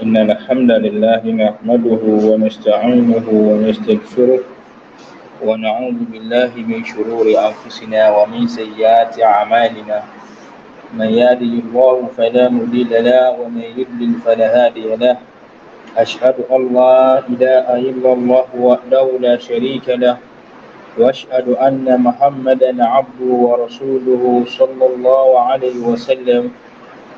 إن الحمد لله نحمده ونستعينه ونستغفره ونعوذ بالله من شرور أنفسنا ومن سيئات أعمالنا من يهده الله فلا مضل له ومن يضلل فلا هادي له أشهد أن لا إله إلا الله وحده لا شريك له وأشهد أن محمدا عبده ورسوله صلى الله عليه وسلم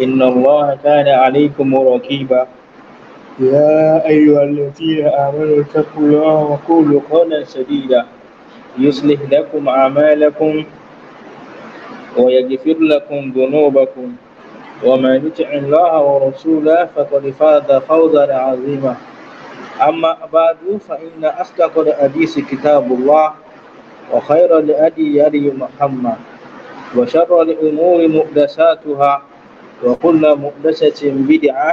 إن الله كان عليكم رقيبا يا أيها الذين آمنوا اتقوا الله وقولوا قولا سديدا يصلح لكم أعمالكم ويغفر لكم ذنوبكم ومن يطع الله ورسوله فقد فاز فوزا عظيما أما بعد فإن أصدق الحديث كتاب الله وخير الهدي هدي محمد وشر الأمور محدثاتها وكل محدثة بدعة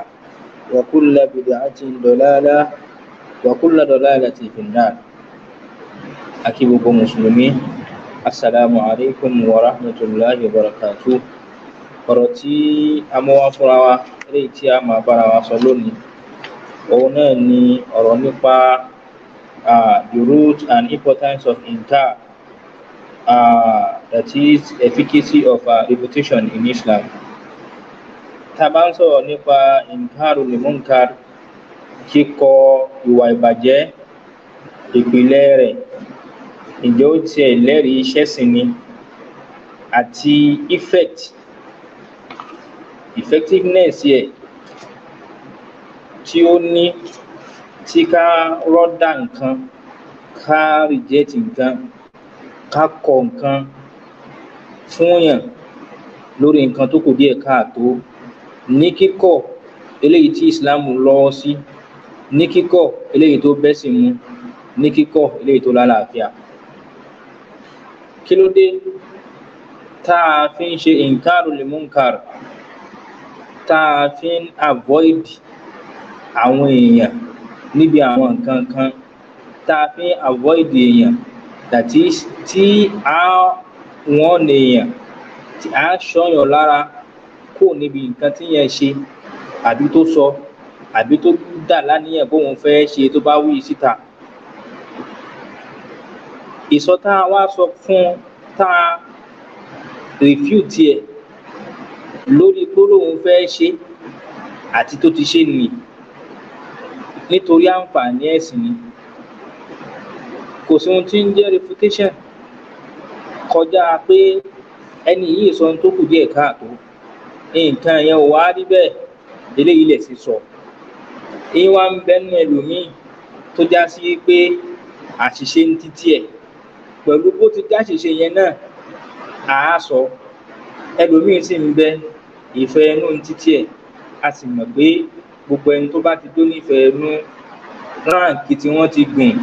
وكل بدعة دلالة وكل دلالة في النار أكيبكم مسلمين السلام عليكم ورحمة الله وبركاته ọ̀rọ̀ tí a mọ́ wá fúnra wa eléyìí tí a máa bára wa sọ lónìí òun náà ni ọ̀rọ̀ nípa the root and importance of intar uh, that is efficacy of uh, reputation in Islam tá a bá ń sọ̀rọ̀ nípa ìǹkaàrò lèmúǹkaàrò kíkọ ìwà ìbàjẹ́ ìpìlẹ̀ rẹ̀ ǹjẹ́ ó tiẹ̀ lẹ́rìí iṣẹ́ sì ni àti effect effectiveness yẹ tí ó ní tí ká rọ́dà nǹkan ká reject nǹkan ká kọ̀ nǹkan fún yàn lórí nǹkan tó kù díẹ̀ káàtó ní kíkọ̀ eléyìí tí islam lọ́wọ́ sí ní kíkọ̀ eléyìí tó bẹ́sìn mu ní kíkọ̀ eléyìí tó lálàáfíà kí ló dé tá fi ń ṣe inkaru lil munkar tá fi ń avoid àwọn èèyàn níbi àwọn nǹkan kan tá fi ń avoid èèyàn that is tí a wọ́n èèyàn tí a ṣọyàn lára kó níbi nǹkan tí yẹn ṣe àbí tó sọ àbí tó dà láníyàn bóun fẹ́ ṣe tó bá wí síta ìsọ tá a wá sọ fún tá a rìfíù tiẹ̀ lórí pé lóun fẹ́ ṣe àti tó ti ṣe nì nítorí àǹfààní ẹ̀sìn ni kò sí ohun tí ń jẹ́ refutation kọjá pé ẹni yìí sọ ohun tó kù díẹ̀ káàtó nǹkan yẹn ò wá rí bẹ́ẹ̀ eléyìí lè sì sọ èyí wá ń bẹ́nu ẹlòmíì tó já sí pé àṣìṣe ń títí ẹ̀ pẹ̀lú bó ti jáṣìṣe yẹn náà àá sọ ẹlòmíì sì ń bẹ ìfẹ́ ẹnu ń títí ẹ̀ a sì mọ̀ pé gbogbo ẹni tó bá ti dó nífẹ̀ẹ́ ẹnu ránkì tí wọ́n ti gùn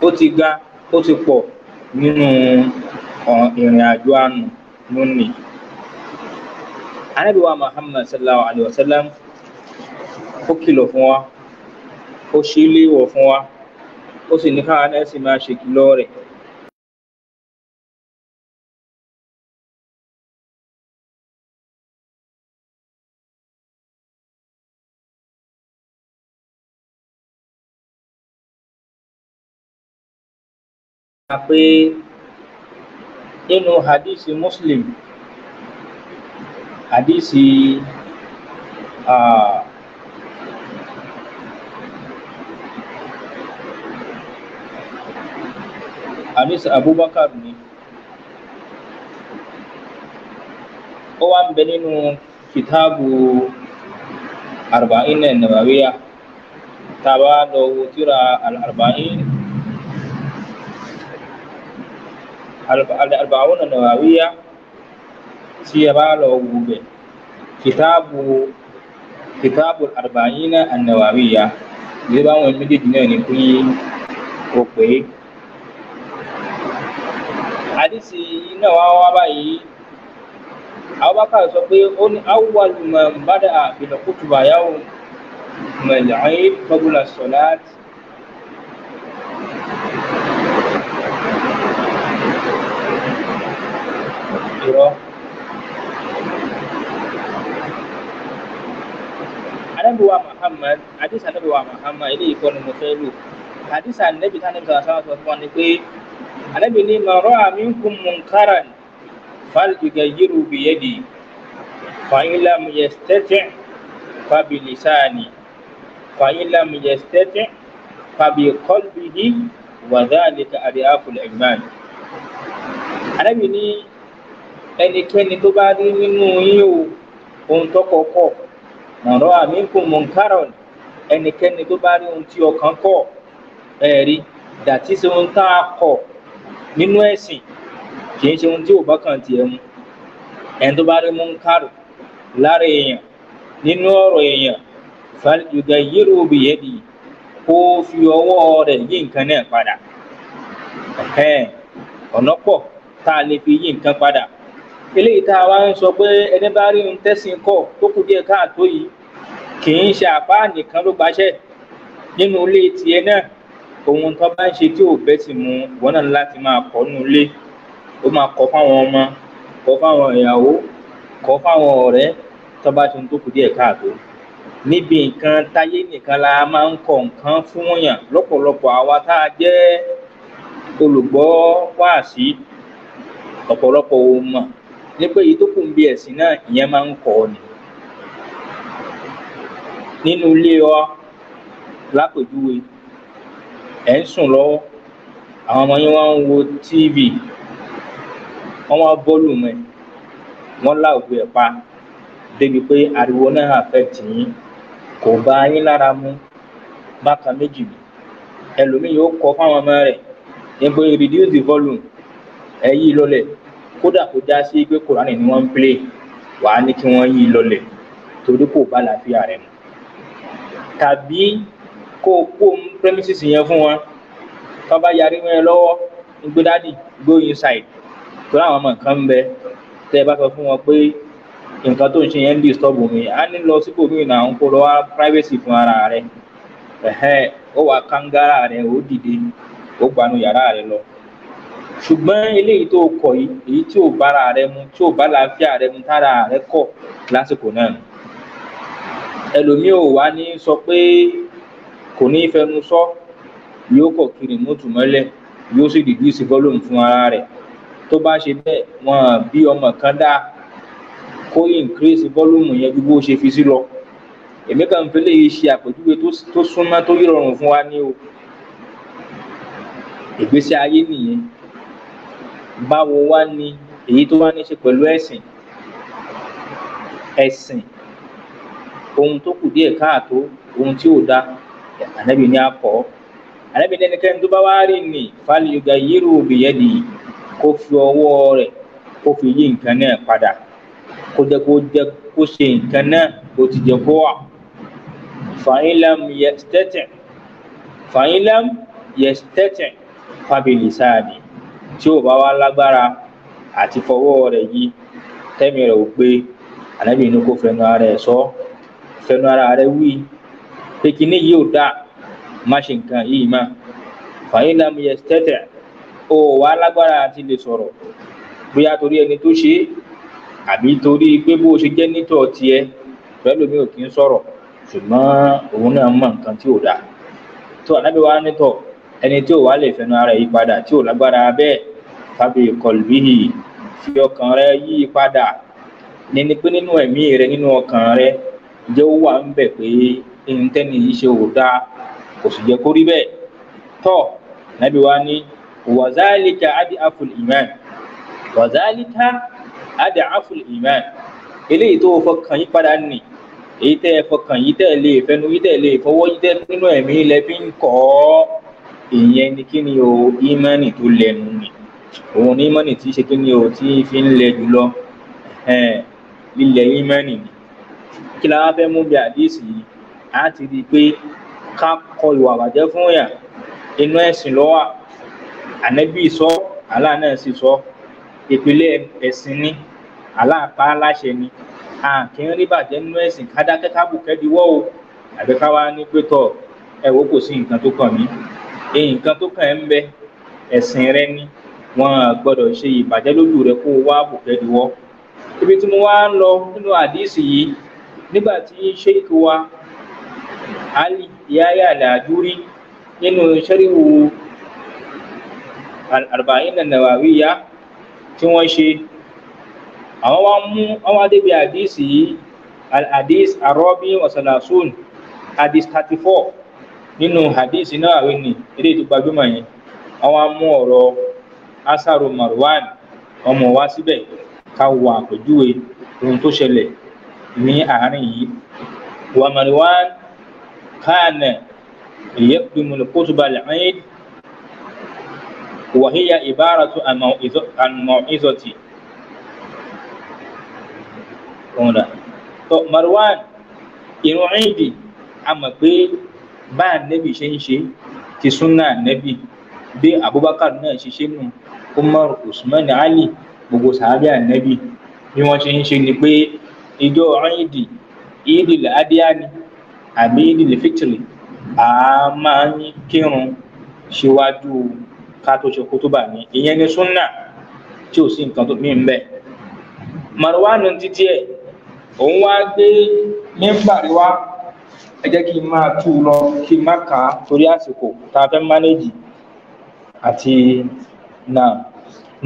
ó ti ga ó ti pọ̀ nínú ìrìn àjò àánú lónìí. Ànábì wa Muhammad sallallahu alayhi wa sallam ó kìlọ̀ fún wa ó ṣe é léèwọ̀ fún wa ó sì ní káwọn náà sì máa ṣèkìlọ̀ rẹ̀. pé nínú hadisi Muslim hadisi uh, Anis Abu Bakar ni Orang beninu kitabu Arba'in dan Nabawiyah Tawadu tira al-arba'in Al-arba'un dan Nabawiyah tí ẹ bá lọ wù bẹ̀ kìtàbù kìtàbù àrùbáyínà ànàwàwíyà ìdí báwọn méjèèjì náà ní kí o pè é. àdìsí náà wá wá báyìí abubakar sọ pé ó ní awwal man bada bil khutba yawm al-eid qabla as anabi wa muhammad hadith anabi wa muhammad eléyìí kọ́ ni mo fẹ́ lò hadith anabi tí anabi sọ̀rọ̀ sọ̀rọ̀ fún wa ni pé anabi ní man ra'a minkum munkaran falyughayyiru biyadihi fa in lam yastati' fa bilisanihi fa in lam yastati' fa biqalbihi wa dhalika ad'aful iman anabi ní ẹnikẹ́ni tó bá rí nínú yín o ohun tó kọ́kọ́ nàró àmì kò mọ nkárọn ẹnikẹ́ni tó bá rí ohun tí ọkàn kọ̀ ẹ̀rí dàtí ṣe ohun tá a kọ̀ nínú ẹ̀sìn kì í ṣe ohun tí ò bá kó fi ọwọ́ rẹ̀ yí nǹkan náà padà ọ̀nà pọ̀ tá a lè fi yí nǹkan padà eléyìí tá a wá ń sọ pé ẹni bá rí tẹ́sìn tó kù díẹ̀ káàtó yìí kì í ṣe àfáà nìkan ló gbaṣẹ́ nínú ilé tiẹ̀ náà ohun tó bá ń ṣe tí ò bẹ́ sì mu ìwọ náà láti máa kọ́ nínú ilé ó máa kọ́ fáwọn ọmọ kọ́ fáwọn ìyàwó kọ́ fáwọn ọ̀rẹ́ tó bá ti ń tó kù díẹ̀ káàtó níbi nǹkan táyé nìkan la máa ń kọ nǹkan fún yàn lọ́pọ̀lọpọ̀ àwa tá a jẹ́ olùgbọ́ wáàsí ọ̀pọ̀lọpọ̀ ò mọ̀ nípa èyí tó kù ń bí ẹ̀sìn náà ìyẹn máa ń kọ́ ni nínú ilé wa lápèjúwe ẹ̀ ń sùn lọ́wọ́ àwọn ọmọ yín wọ́n ń wo tv wọ́n wá bọ́ọ̀lù mọ́ ẹ̀ wọ́n láògùn ẹ̀ pa débi pé ariwo náà affect yín kò bá yín lára mu bákan méjì ni ẹlòmíì yóò kọ fáwọn ọmọ rẹ̀ ní pé reduce the volume ẹ yí lọlẹ̀ kódà kó já sí pé kòránì ni wọ́n ń play wàá ní kí wọ́n yí lọlẹ̀ torí kò bá làáfíà rẹ̀ mu tàbí kó o kó premises yẹn fún wọn tó bá yarí wọn lọ́wọ́ gbódádì go inside tó láwọn ọmọ nǹkan ń bẹ tẹ́ ẹ bá sọ fún wọn pé nǹkan tó ń ṣe yẹn ń disturb mi á ní lọ sípò mí àwọn kó lọ wá privacy fún ara rẹ ó wàá kángára rẹ ó dìde ó gbanú yàrá rẹ lọ ṣùgbọ́n eléyìí tó kọ̀ yìí èyí tí ò bára rẹ mu tí ò bá làáfíà rẹ mu tára rẹ kọ̀ lásìkò náà ẹlòmíì ò wá ní sọ pé kò ní fẹnu sọ yóò kọ kiri mọtò mọlẹ yóò sì dìdú ìsìnkọlóhùn fún ara rẹ tó bá ṣe bẹ́ẹ̀ wọn bí ọmọ kan dá kó increase volume yẹn bí bó ṣe fi sí lọ èmi kan fi léyìí ṣe àpèjúwe tó súnmọ́ tó yọrùn fún wa ní o ìgbésí ayé nìyẹn báwo wá ni èyí tó wá ní ṣe pẹ̀lú ẹ̀sìn ẹ̀sìn ohun tó kù díẹ̀ káàtó ohun tí ò da ànábì ní akọ ànábì ní ẹnikẹ́ni tó bá wá rí ni fàlùyọgà yírò bìyẹdì kó fi ọwọ́ rẹ̀ kó fi yí nǹkan náà padà kó jẹ kó jẹ kó ṣe nǹkan náà kó ti jẹ kó wà fàyínlám yẹstẹtẹ fàyínlám yẹstẹtẹ fàbílì sáàdì tí ò bá wá lágbára àti fọwọ́ rẹ̀ yí tẹmí rẹ̀ ò pé ànábì ní kó fẹnu ara ẹ̀ sọ fẹnu ara rẹ wí pé kíní yìí ò dáa má ṣe nǹkan yìí má fàyín lam yastati' o wà lágbára àti lè sọ̀rọ̀ bóyá torí ẹni tó ṣe àbí torí pé bó ṣe jẹ́ nítọ̀ tiẹ̀ pẹ̀lú mi ò kí ń sọ̀rọ̀ ṣùgbọ́n òun náà mọ nǹkan tí ò dáa tó ànábì wa nítọ̀ ẹni tí ò wá lè fẹnu ara yìí padà tí ò lágbára bẹ́ẹ̀ fábí kọlbíhì fi ọkàn rẹ yí padà nínú pé nínú ẹ̀mí rẹ nínú ọkàn rẹ ǹjẹ́ ó wà ń bẹ̀ pé ẹnitẹ́ni yìí ṣe ò dáa kò sì jẹ́ kó rí bẹ́ẹ̀ tọ́ nàbí wa ní wàzálíkà adé aful iman wàzálíkà adé aful iman eléyìí tó fọkàn yín padà nì èyí tẹ́ ẹ fọkàn yìí tẹ́ ẹ lè fẹnu yìí tẹ́ ẹ lè fọwọ́ yìí tẹ́ nínú ẹ̀mí lẹ fi ń kọ́ ọ́ ìyẹn ni kí ni o ìmánì tó lẹnu ni òun ni ìmánì tí ṣe kí ni o tí fi ń lẹ jùlọ lílẹ̀ ìmánì ni kí la wá fẹ́ mú bí àdíìsì yìí á ti rí i pé ká kọ ìwà àbàjẹ́ fún yàn inú ẹ̀sìn lọ́wọ́ ànẹ́bí sọ Allah náà sì sọ ìpìlẹ̀ ẹ̀sìn ni Allah pa ni a kì í rí bàjẹ́ nínú ẹ̀sìn ká dákẹ́ ká bù kẹ́díwọ́ o àbí ká wá ní pé tọ̀ ẹ wo kò sí nǹkan tó kàn mí nǹkan tó kàn ẹ́ ń bẹ ẹ̀sìn rẹ ni wọn gbọ́dọ̀ ṣe ìbàjẹ́ lójú rẹ kó o wá bù kẹ́díwọ́ ibi tí mo wá ń lọ nínú àdíìsì yìí nígbà tí sheikh wa ali yaya lajuri nínú sẹ́ríwò àrùbáyìn nàwàwíyá tí wọ́n ṣe àwọn wá mú àwọn adébí àdísì yìí al-adís arọ́bí wasalasun adís 34 nínú àdísì náà wí ní ilé tó gbajúmọ̀ yìí àwọn mú ọ̀rọ̀ asaro marwan ọmọ wa síbẹ̀ ká wo àpèjúwe ohun tó ṣẹlẹ̀ ní àárín yìí wa Marwan kana yaqdimu al-khutbah al-Eid wa hiya ibaratu an mau'izati ọ̀nà tó Marwan ìrun Eid a mọ̀ pé bá nẹ́bì ṣe ń ṣe ti súnà nẹ́bì bí Abubakar náà ṣiṣẹ́ nù Umar Usman Ali gbogbo sàábì ànẹ́bì bí wọ́n ṣe ń ni pé ìjọ ìdì ìdì adíáni àbí ìdì fitiri a máa ń kírun síwájú ká tó ṣe kútúbà ní ìyẹn ní súnà tí ò sí nǹkan tó míì ń bẹ marwanu títí ẹ òun wá gbé mímbàrí wá ẹ kí n máa tú lọ kí n má kà torí àsìkò tá a fẹ́ mánéjì àti náà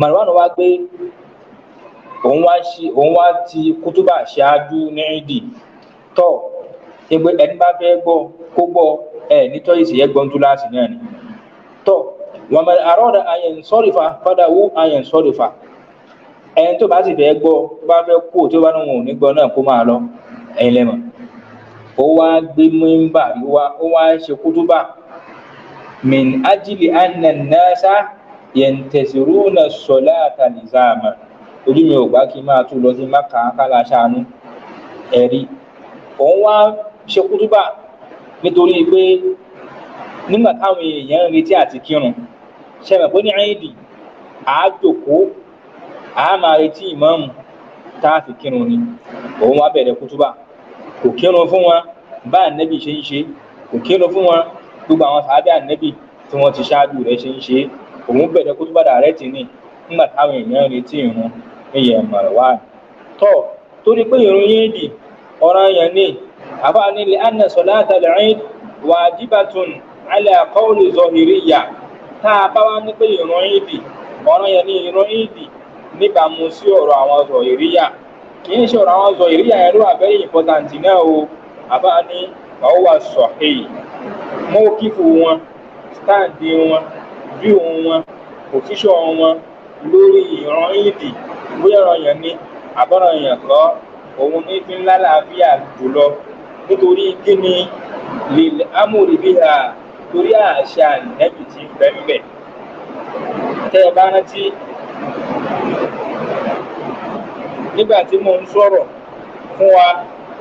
marwanu wá gbé òun wá ṣe òun wá ti kútúbà ṣáájú ní ìdì tọ ẹgbẹ ẹni bá fẹ́ gbọ́ kó gbọ́ ẹ nítorí ìṣẹyẹ gbọǹtú láàsì náà ni tọ wọn mọ àrọdà àyẹn sọrífà padà wú àyẹn sọrífà ẹni tó bá sì fẹ́ gbọ́ bá fẹ́ kú tó bá níwọn ò náà kó máa lọ ẹyin lẹmọ ó wá gbé mímbà wá ó wá ṣe kútúbà min ajili anna nasa yẹn tẹsirú na sọlá àtàlìzáàmà ojú mi ò gbà kí n máa tún lọ sí máka kálá ṣàánú ẹ̀rí òun wá ṣe kútúbà nítorí pé nígbà táwọn èèyàn ń retí àti kírun ṣẹlẹ̀ pé ní àìdì àájòkó a máa retí ìmáàmù tá a fi kírun ni òun wá bẹ̀rẹ̀ kútúbà kò kírun fún wọn bá ànẹ́bì ṣe ń ṣe kò kírun fún wọn gbogbo àwọn sàábẹ́ ànẹ́bì tí wọ́n ti ṣáájú rẹ̀ ṣe ń ṣe òun bẹ̀rẹ̀ kútúbà dàrẹ́tì ni nígbà táwọn èèyàn ń retí ìrun ìyẹn Marwan tó torí pé ìròyìn èdè ọ̀ràn yẹn ni àbá nílé anna sọláàtà lẹ́yìn wàjíbàtún alẹ́ àkọ́wọ́lì zọ̀hìríyà tá a bá wá ní pé ìròyìn èdè yẹn ni ìròyìn èdè níbàámu sí ọ̀rọ̀ àwọn zọ̀hìríyà kì í ṣe ọ̀rọ̀ àwọn zọ̀hìríyà yẹn ló wà very important náà o àbá ní wàá wà sọ̀hìn mọ́ wọn wọn wọn bóyá ọ̀rọ̀ yẹn ni àbọ̀rọ̀ yẹn kọ́ òun ní fi ńlá làáfíà jùlọ nítorí kí ni lè amúrí bí ha torí àṣà nẹ́bì tí ń bẹ́ ń bẹ̀. tẹ́ ẹ bá rántí nígbà tí mo ń sọ̀rọ̀ fún wa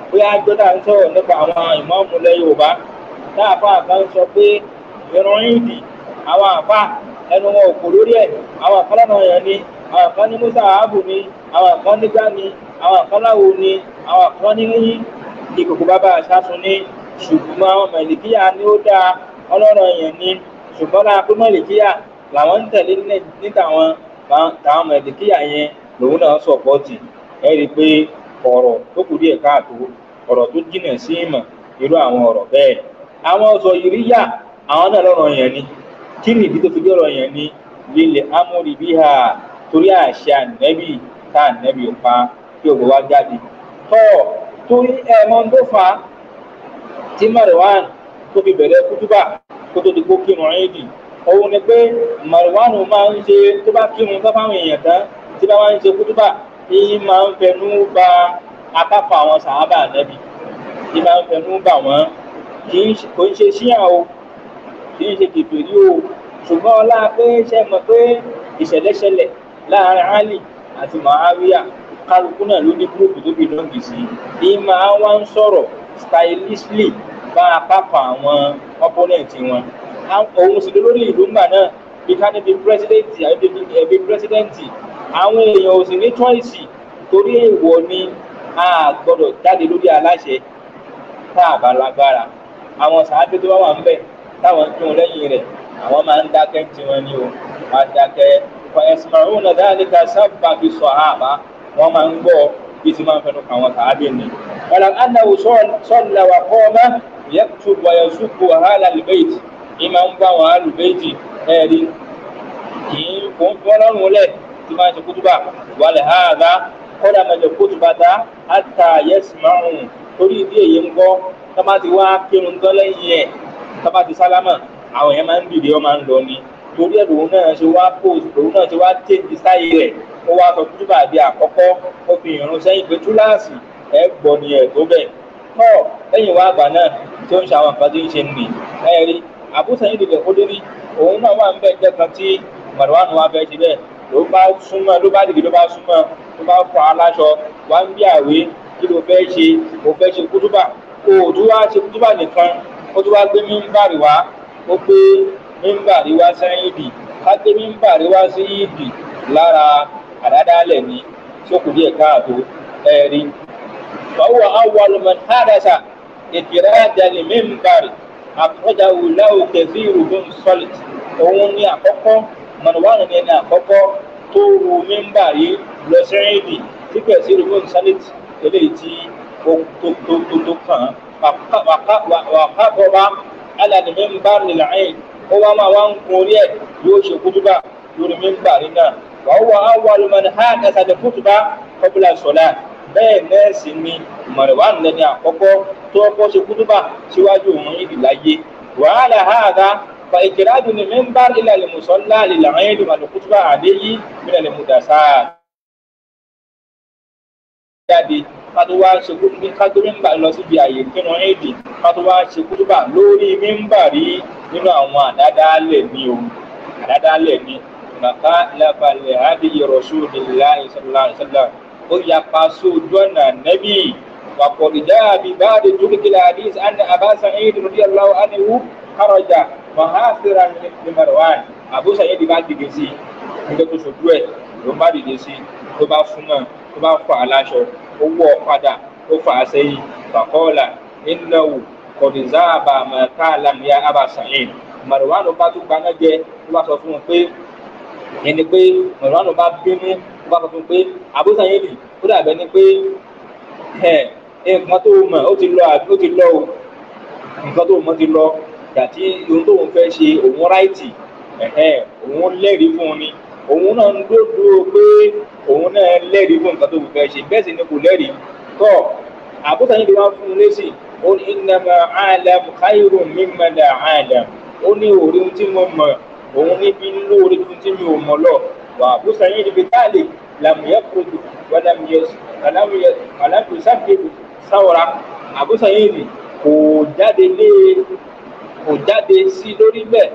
bóyá gbọ́dọ̀ ń sọ̀rọ̀ nípa àwọn ìmáàmù ilẹ̀ Yorùbá táàfà kan sọ pé ìrun ìdì àwọn àfà ẹnu wọn ò kò lórí ẹ̀ àwọn àfọlọ́nà yẹn ni àwọn kan ní musa ààbò ni àwọn kan nígbà ni àwọn kan láwo ni àwọn kan ní ìkòkò bàbá àṣàtún ni ṣùgbọ́n àwọn mẹ̀lìkíyà ni ó dáa ọlọ́rọ̀ èèyàn ni ṣùgbọ́n lára pé mẹ̀lìkíyà làwọn ń tẹ̀lé ní tàwọn táwọn mẹ̀lìkíyà yẹn lòun náà sọ̀pọ̀tì ẹ rí i pé ọ̀rọ̀ tó kù díẹ̀ káàtó ọ̀rọ̀ tó jìnà sí ìmọ̀ irú àwọn ọ̀rọ̀ bẹ́ẹ̀ àwọn ọ̀sọ̀ ìríyà àwọn náà lọ́rọ̀ èèyàn ni kí nìdí tó fi jọ́rọ̀ èèyàn ni lílẹ̀ amúribíhà torí àṣẹ ànẹ́bì tá ànẹ́bì ò pa kí ògbó wá jáde tọ́ torí ẹ̀mọ́ tó fa tí Marwan tó fi bẹ̀rẹ̀ kútúbà kó tó di kó kírun ẹ́ẹ̀dì òun ni pé Marwan máa ń ṣe tó bá kírun tó fáwọn èèyàn tán tí bá wá ń ṣe kútúbà yìí máa ń fẹnu ba akáfà àwọn sàábà ànẹ́bì yìí máa ń fẹnu bà wọ́n kì í ṣe síyà o kì í ṣe kìbìrì o ṣùgbọ́n ọlá pé ṣe mọ̀ pé ìṣẹ̀lẹ̀ láàrin ali àti muawiya kálukú náà ló ní gúrúùpù tó bìlọ́ǹgì sí ní máa wá ń sọ̀rọ̀ stylishly bá apákan àwọn opponent wọn òun sì lórí ìlú ńgbà náà bí ká níbi pírẹsidẹ́ǹtì àbí ẹbí eh, pírẹsidẹ́ǹtì àwọn èèyàn ò sì ní choice torí èèwọ̀ ni a gbọ́dọ̀ jáde lórí aláṣẹ tá a bá lágbára àwọn sàábé tó bá wà ń bẹ̀ táwọn ń tún lẹ́yìn rẹ̀ àwọn máa ń dákẹ́ tiwọn ni o máa dákẹ́ kwa dáríkà sábà bí sọ̀hábà wọ́n máa ń gbọ́ bí ti máa ń fẹnu kàwọn tàbí ni. wọn lùbẹ́ẹ̀tì ẹ̀rí kì í kò ń fi wọn lọ́rùn lẹ̀ tí máa ń ṣe kútùbà wàlẹ̀ hàdá kọ́dà mẹ́jọ kútùbà dá àtà yẹ́sìmàrún torí ìdí èyí ń gbọ́ tọ́mátì wá kírun tán lẹ́yìn ẹ̀ torí ẹ̀ lòun náà ṣe wá post lòun náà ṣe wá tètè sáyé rẹ̀ ó wá sọ túbà bí àkọ́kọ́ ó fi ìrún sẹ́yìn pé túláàsì ẹ̀ gbọ́ ni ẹ̀ tó bẹ̀ tọ́ lẹ́yìn wá àgbà náà tí ó ń ṣàwọn nǹkan tí ń ṣe nì ẹ̀ rí àbúsẹ̀yìn ìdìbò ó débi òun náà wà ń bẹ̀ jẹ́ kan tí màdùwánù wa fẹ́ ṣe bẹ́ẹ̀ ló bá súnmọ́ ló bá dìgbì ló bá súnmọ́ ló bá fọ aláṣọ wá ń bí àwé kí ló fẹ́ ṣe mo fẹ́ ṣe kútúbà kó o tó wá ṣe kútúbà nìkan ó tó wá gbé mímbàrì wá ó gbé mímbàrí wá sáyídì káté mímbàrí wá sí yídì lára àdádálẹ̀ ni sókù díẹ̀ káàtó ẹ̀rí. fọwọ́ awolman hadasa ìfìrà dání mímbàrí àkọ́jáwò láwù kẹfì rúbùn sọ́lìt òun ni àkọ́kọ́ mọ̀nùwárì ni ẹni àkọ́kọ́ tó ru mímbàrí lọ sáyídì tí kẹfì rúbùn sọ́lìt eléyìí tí ó tó kàn án wàkábọ̀bá alàdìmí ń bá rìn láàyè ó wá máa wá ń gun orí ẹ̀ yóò ṣe kútúbà lórí mímbà rí náà wàá wà á wà lóman ha kàtàdé kútúbà kọ́bùlà sọ̀lá bẹ́ẹ̀ náà ni Marwan lẹ́ni àkọ́kọ́ tó kọ́ ṣe kútúbà síwájú òun yìí láyé wàhálà hàdá fa ìkìlá dùn ní mímbà ilà lè mùsọ̀lá lè làwọn yẹn lè mà àdéyí mílẹ̀ lè mùdàsáà jáde ká tó wá ṣe kúrúbà ká tó mímbà lọ síbi àyè kírun éèdì ká tó wá ṣe kúrúbà lórí mímbà rí nínú àwọn àdádálẹ̀ ni o àdádálẹ̀ ni màkà lábalẹ̀ àdé ìrọ̀ṣù nílá ìṣẹ̀lá ìṣẹ̀lá ó yapa sójú ọ̀nà nẹ́bí wàkọ̀dìjà àbí báàdì dúkìlà àdìs àná àbáṣà éèdì rọ̀dí aláwọ̀ ánìwú kárọ̀jà mọ̀háfíra ní marwan àbúṣà yẹn ti bá dìde sí i nígbà tó ẹ̀ ló bá dìde sí ló bá fún náà tó bá fà á láṣọ ó wọ̀ padà ó fà á sẹ́yìn fàkọ́ọ̀là ìnáwó kọ̀dìzá àbàmọ̀ káàlámù ya abà sàyìn màrúwánù bá tún gbaná jẹ ló bá sọ fún un pé ẹni pé màrúwánù bá bínú ló bá sọ fún un pé àbúrò yẹn lì ó dàbẹ ni pé nǹkan tó mọ̀ ó ti lọ ó ti lọ o nǹkan tó mọ̀ ti lọ dàtí ohun tó ń fẹ́ ṣe òun ráìtì òun lẹ́rìí fún un ni òun náà ń dódó pé òun náà lẹ́rìí fún nǹkan tó fẹ́ ṣe bẹ́ẹ̀ sì ni kò lẹ́rìí tọ́ àbúkà yìí wọ́n fún un lésì ó ní innama a'lamu khayrun mimma la a'lam ó ní òrí ohun tí mo mọ̀ òun níbi lóore tuntun tí mi ò mọ̀ lọ wà àbúkà yìí níbi táàlì làmúyẹ́ kojú wàlámúyẹ́ sáfìlì sáwọ́ra àbúkà yìí ni kò jáde lé kò jáde sí lórí bẹ́ẹ̀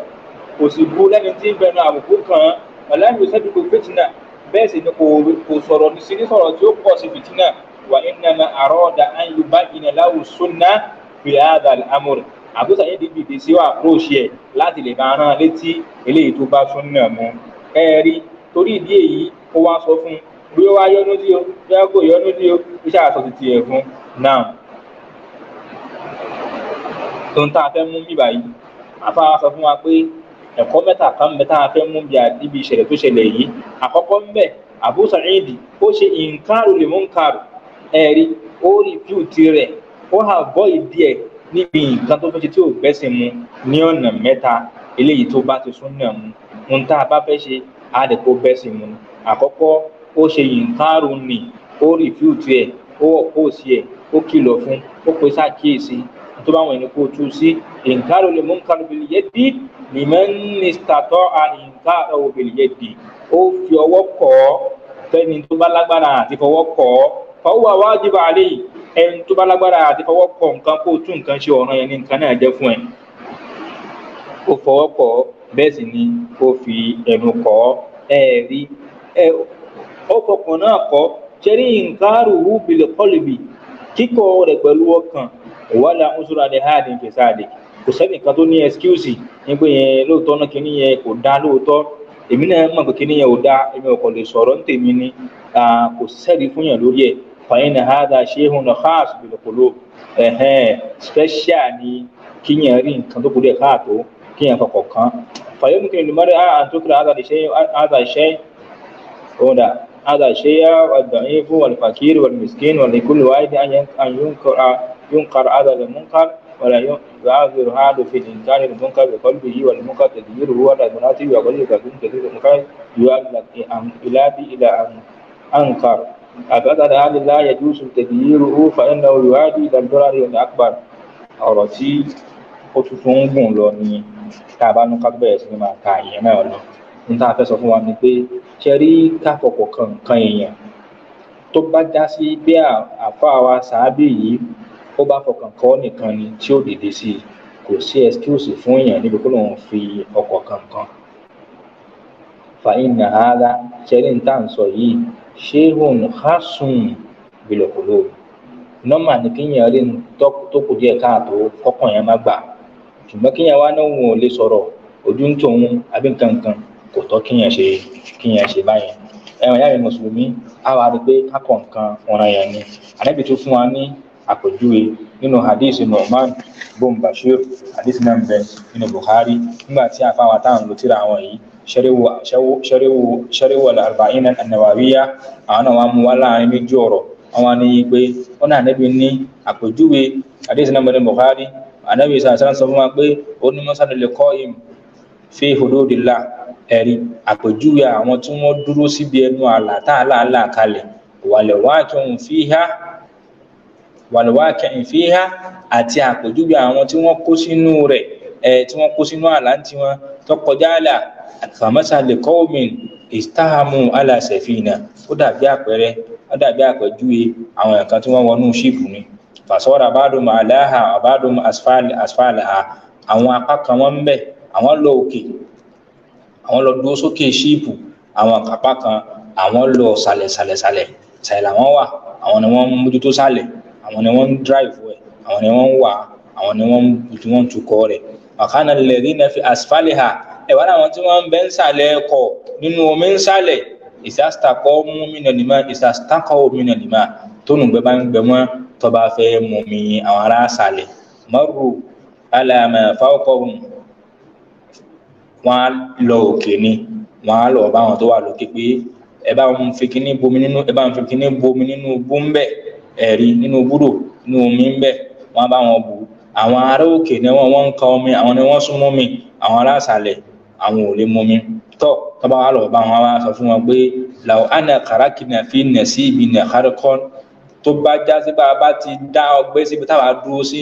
kò sì bú lẹ́ni tí ń bẹnu àbùkù kan wàlámúyẹ́ sáfìlì fìtínà bẹ́ẹ̀ sì ni kò kò sọ̀rọ̀ ní sí ní sọ̀rọ̀ tí ó pọ̀ sí fìtínà wà innama àrọ́ọ̀dà an yubayyina lahu sunna fi hadha al àbúsà yìí dìbìdì sí wà próòṣì ẹ̀ láti lè máa rán létí eléyìí tó bá sunna mu ẹ̀rí torí ìdí èyí ó wá sọ fún bí ó wá yọnu dí o bí ó kò yọnu dí o iṣẹ́ àsọ títí ẹ̀ fún náà tó ń tá fẹ́ mú mi báyìí àfa sọ fún wa pé ẹ̀kọ́ mẹ́ta kan ń bẹ tá a fẹ́ mú bí ibi ìṣẹ̀lẹ̀ tó ṣẹlẹ̀ yìí àkọ́kọ́ ń bẹ Abu Sa'id ó ṣe ìǹkaru lè mú ń karù ẹ̀rí ó rí fíù tirẹ̀ ó hà bọ́ ìdí ẹ̀ níbi nǹkan tó fẹ́ ṣe tí ò gbẹ́sìn mu ní ọ̀nà mẹ́ta eléyìí tó bá ti súnà mu ohun tá a bá fẹ́ ṣe á lè kó bẹ́sìn mu àkọ́kọ́ ó ṣe ìǹkaru nì ó rí fíù tirẹ̀ ó wọ̀ kó sí ó kìlọ̀ fún ó pe sáà tó bá wọn ẹni kó tú sí ìǹkàrò lè mú nǹkan òbí yé dì nìmọ̀ nìtàtọ̀ à ìǹkàrò òbí yé dì ó fi ọwọ́ kọ́ fẹ́ni tó bá lágbára àti fọwọ́ kọ́ fọwọ́ wájibu alayhi ẹni tó bá lágbára àti fọwọ́ kọ́ nǹkan kó tún nǹkan ṣe ọ̀ràn yẹn ní nǹkan náà jẹ́ fún ẹ ó fọwọ́ kọ́ bẹ́ẹ̀ sì ni ó fi ẹnu kọ́ ẹ̀rí ọkọ̀ kan náà kọ́ ṣẹ́rí ìǹkàrò òbí lè kọ́lùbì kíkọ́ rẹ̀ pẹ̀lú ọkàn wàhálà ọ̀ṣọ́ra rẹ̀ hà ní kẹsàdé kò sẹ́ni kan tó ní ẹ́skíùsì ní pé yẹn lóòótọ́ náà kíní yẹn kò dá lóòótọ́ èmi náà mọ̀ pé kíní yẹn ò dá èmi ò kò lè sọ̀rọ̀ ní tèmi ni kò sẹ́ni fún yàn lórí ẹ̀ fàyín náà hàdà ṣéhùn náà hàs bìlòkòló special ni kíyàn rí nǹkan tó kúrò káàtó kíyàn kọ̀kọ̀ kan fàyín mú kíni lùmọ́rẹ́ àtúkìlà àdàṣẹ́ ọ̀dà àdàṣẹ́ yá wàdàní fún ينكر هذا المنكر ولا يعذر هذا في الإنكار المنكر بقلبه والمنكر تدبيره ولا المنافي وغيره كثير كثير المنكر يؤلف إلى إلى أن أنكر أبدا هذا لا يجوز تدبيره فإنه يؤدي إلى الضرر الأكبر ọ̀rọ̀ tí ó tuntun ń gùn lọ ni tá a bá ní kápẹ́ bẹ̀rẹ̀ sí ni máa ka èèyàn mẹ́rin lọ ní tá a fẹ́ sọ fún wa ni pé ṣe rí káfọ̀kọ̀ kan èèyàn tó bá já sí bí àfa wa sàábì yìí ó bá fọkàn kọ́ nìkan ni tí ó dìde sí i kò sí ẹsikúùsì fún èèyàn níbi kó lóun fi ọkọ̀ kankan fàyínà ara ṣẹlẹ̀ ń tà ń sọ yìí ṣéhùn hasun bìlọ̀kùlò nọ́mà ni kíyàn rí tó kù díẹ̀ káàtó kọ́kàn yẹn má gbà ṣùgbọ́n kíyàn wá náà wọn ò lè sọ̀rọ̀ ojú ń tòun àbí nǹkan kan kò tọ́ kíyàn ṣe kíyàn ṣe báyẹn ẹ̀wọ̀n yára mùsùlùmí á wá rí pé kákọ̀ nǹkan ọ̀ràn yẹn ni ànábì fún wa ní àpèjúwe nínú hadithi Nu'man bun Bashir hadithi náà ń bẹ nínú Bukhari nígbà tí àfáwọn táwọn lò tíra àwọn yìí ṣẹ́ríwò al-arba'in an-nawawiyya àwọn náà wà mú wá láàrin méjì ọ̀rọ̀ àwọn ni pé wọn náà nẹ́bi ní àpèjúwe hadithi náà ń bẹ nínú Bukhari ànábì sàṣẹ́rán sọ fún wa pé onímọ̀sánà lè kọ́ im fi hududillah ẹ̀rí àpèjúwe àwọn tí wọ́n dúró síbi ẹnu àlà tá àlà àlà kalẹ̀ wàlẹ̀ wákìhùn fiha wàlúwàkẹ́yìn fíhá àti àpèjúwe àwọn tí wọ́n kó sínú rẹ̀ tí wọ́n kó sínú àlá tí wọ́n tó kọjá àlà àfàmọ́sà lè kọ́ omi ìstáhàmù aláṣẹ̀fìnà ó dàbí àpẹẹrẹ ó dàbí àpèjúwe àwọn nǹkan tí wọ́n wọnú ṣíìpù ni fàṣọ́ra bádùn àláhà àbádùn asfàlàhà àwọn apá kan wọ́n ń bẹ̀ àwọn lọ òkè àwọn lọ dúró sókè ṣíìpù àwọn apá kan àwọn lọ sàlẹ̀ sàlẹ̀ sàlẹ̀ sàlẹ̀ làwọn wà àwọn ni wọ́n mójútó sàlẹ̀ àwọn ni wọ́n ń drive ẹ̀ àwọn ni wọ́n ń wà àwọn ni wọ́n tí wọ́n tukọ̀ rẹ̀ wàkánà lẹ́rí náà fi asfálẹ̀ ha ẹ̀wọ́n àwọn tí wọ́n ń bẹ́ ń sàlẹ̀ ẹ̀kọ́ nínú omi ń sàlẹ̀ ìsàstakọ́ mú mi nà nìmá ìsàstakọ́ mi nà nìmá tónù gbẹ bá ń gbẹ wọn tó bá fẹ́ mú mi àwọn ará sàlẹ̀ mọ́rù alàmà fáwọ́kọ́hùn wọn á lọ òkè ni wọn á lọ bá wọn tó wà lókè pé ẹ bá ń fi kíní bomi nínú ẹ bá ń fi kíní bomi nínú bú ń bẹ́ẹ̀ ẹ̀rí nínú búrò nínú omi ń bẹ wọ́n bá wọn bù ú àwọn ará òkè ni wọ́n wọ́n ń ka omi àwọn ni wọ́n sún mọ́ mi àwọn ará àṣàlẹ̀ àwọn ò lè mú mi tọ́ tọ́ba wa lọ́ọ́ bá wọn wá sọ fún wọn pé làwọn àna kàràkìnà fi nà sí ibi nà kárìkọ́ tó bá já sí bá a bá ti dá ọgbẹ́ síbi táwa dúró sí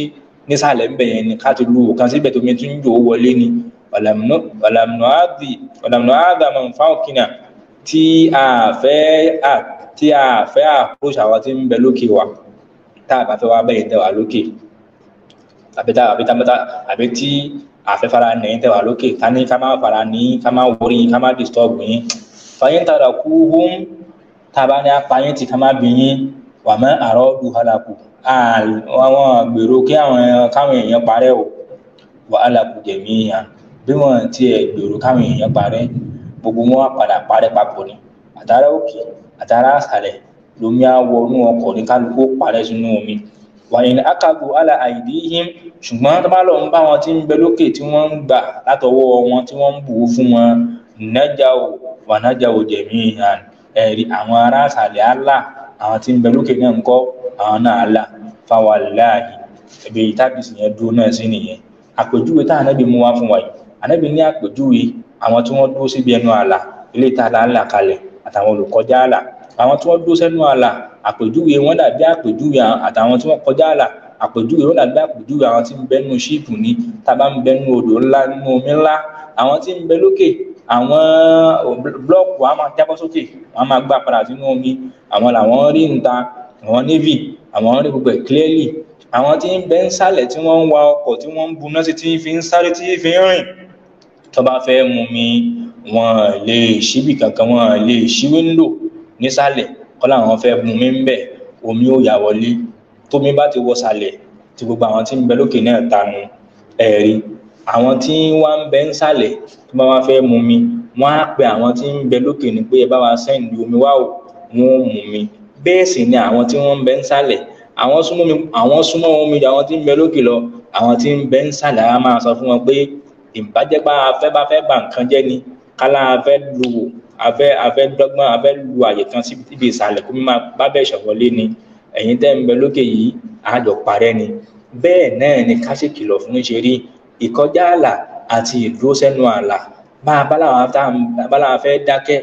nísàlẹ̀ ń bẹ̀ yẹn ni ká ti lu òkan síbẹ̀ tómi tún yòó wọlé ni ọ̀làmùnú àdàmọ̀ fáwọn kìnà tí a fẹ́ tí a fẹ́ approach àwọn tí ń bẹ lókè wa tá a bá fẹ́ wá bẹ́yìn tẹ́ wa lókè àbí tá àbí tá àbí tí a fẹ́ fara nẹ̀yìn tẹ́ wa lókè ká ní ká má fara ní ká má wọrí ká má disturb yín fàyín tàdà kú hún tá a bá ní apayín tí ká má bí yín wà mọ́ àrọ́ du halaku àwọn gbèrò kí àwọn káwọn èèyàn parẹ́ o wà halaku jẹ̀mí yàn bí wọ́n ti ẹ̀ gbèrò káwọn èèyàn parẹ́ gbogbo wọn padà parẹ́ papọ̀ ni àtàrà òkè àtàrà àsàlẹ̀ lómi àwọ inú ọkọ̀ ní kálukú parẹ́ sínú omi wàyìn akago ala àìdíhìm ṣùgbọ́n tó bá lọ ń bá wọn tí ń bẹ lókè tí wọ́n ń gbà látọwọ́ wọn tí wọ́n ń bùwó fún wọn nájà ò wà nájà ò jẹ̀mí hàn ẹ̀rí àwọn ará àsàlẹ̀ àlà àwọn tí ń bẹ lókè náà ń kọ́ àwọn náà àlà fáwọn aláàyè ẹ̀bẹ̀ ìtàbí yẹn dúró náà sí nìyẹn àpèjúwe tá ànábì mú wá fún wa yìí ànábì ní àpèjúwe àwọn tí wọ́n dúró síbi ẹnu ààlà ilé ìtajà ńlá kalẹ̀ àtàwọn olùkọjá ààlà àwọn tí wọ́n dúró sẹ́nu ààlà àpèjúwe wọn dàbí àpèjúwe àtàwọn tí wọ́n kọjá ààlà àpèjúwe wọn dàbí àpèjúwe àwọn tí ń bẹnu ṣíìpù ní tàbá ń bẹnu odò ńlá nínú omi ńlá àwọn tí ń bẹ lókè àwọn blọọkù wọn máa jábọ́ sókè wọn máa gbà padà sínú omi àwọn làwọn rí nta àwọn navy àwọn rí gbogbo ẹ clearly àwọn tí ń bẹ ń sálẹ̀ tí wọ́n ń wa ọkọ̀ tí wọ́n ń buná sí tí ń fi ń sáré tí ń fi ń rìn tó bá fẹ́ mu mi wọn lè ṣíbì kankan wọn lè ṣí wíńdò nísàlẹ̀ kọ́ làwọn fẹ́ mu mi ń bẹ̀ omi ó yà wọlé tómi bá ti wọ sàlẹ̀ tí gbogbo àwọn tí ń bẹ lókè náà tanu ẹ̀rí àwọn tí wọ́n ń bẹ ń sàlẹ̀ tó bá fẹ́ mu mi wọ́n á pe àwọn tí ń bẹ lókè ní pé ẹ bá wa sẹ́ǹdì omi wá o wọ́n ó mu mi bẹ́ẹ̀ sì ni àwọn tí wọ́n ń bẹ ń sàlẹ̀ àwọn súnmọ́ omi àwọn tí ń bẹ lókè lọ àwọn tí ń bẹ ń sàlẹ̀ á máa sọ fún wọn pé ìbájẹ́pá afẹ́ bá fẹ́ bà nǹkan jẹ́ ni kálá afẹ́ lu wò afẹ́ afẹ́ dọ́gbọ́n afẹ́ lu àyè kan síbi ìsàlẹ̀ kó má bá bẹ́ẹ̀ ṣọ̀wọ́lé ni ẹ̀yin tẹ́ ń bẹ lókè yìí àjọ parẹ́ ni bẹ́ẹ̀ náà ni ká sì kìlọ̀ fún ṣe rí ìkọjá ààlà àti ìdúró sẹ́nu ààlà bá a báláwa fẹ́ dákẹ́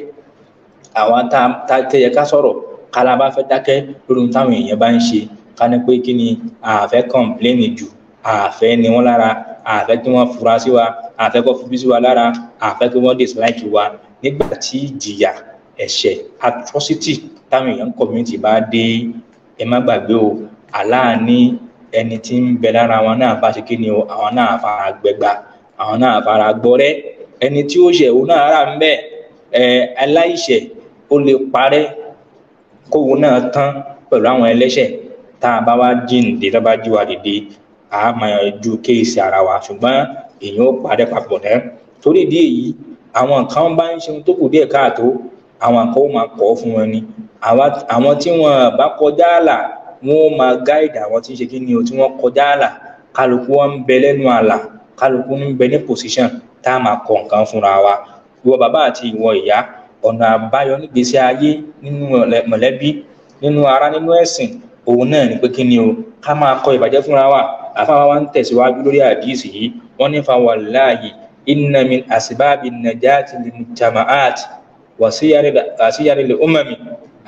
àwọn tá a tẹ́yẹ ká sọ̀rọ̀ kálá bá fẹ́ dákẹ́ lórí táwọn èèyàn bá ń ṣe ká ní pé kí ni àfẹ́ kọ̀ǹpléènì jù àfẹ́ ni wọ́n lára àfẹ́ kí wọ́n fura sí wa àfẹ́ kó fúbi sí wa lára àfẹ́ kí wọ́n dislike wa nígbà tí ìjìyà ẹ̀ṣẹ̀ atrocity táwọn èèyàn community bá dé ẹ má gbàgbé o aláàní ẹni tí ń bẹ lára wọn náà bá ṣe kí ni o àwọn náà fara gbẹgba àwọn náà fara gbọrẹ ẹni tí ó ṣẹ̀ òun náà rà ń bẹ ẹ aláìṣẹ̀ ó lè parẹ́ kóun náà tán pẹ̀lú àwọn ẹlẹ́ṣẹ̀ tá a bá wá jíǹde tá a bá jí wa dìde a máa ju kéèsì ara wa ṣùgbọ́n èèyàn ó parẹ́ papọ̀ náà torí ìdí èyí àwọn kan bá ń ṣeun tó kù díẹ̀ káàtó àwọn kan ó máa kọ́ fún wọn ni àwọn tí wọn bá kọjá àlà wọn ó máa gáìdì àwọn tí ń ṣe kí ni o tí wọn kọjá àlà kálukú wọn ń bẹ lẹ́nu àlà kálukú ń bẹ ní pòsíṣàn tá a máa kọ nǹkan fúnra wa ìwọ bàbá àti ìwọ ìyá ọ̀nà àbáyọ nígbésí ayé nínú mọ̀lẹ́bí nínú ara nínú ẹ̀sìn òun náà ni pé kí ni o ká máa kọ ìbàjẹ́ fúnra wa àfáwá wa ń tẹ̀síwájú lórí àdísì yìí wọ́n ní fáwọn láàyè inna min asibaabi najati lil jamaat wasiyari lil umami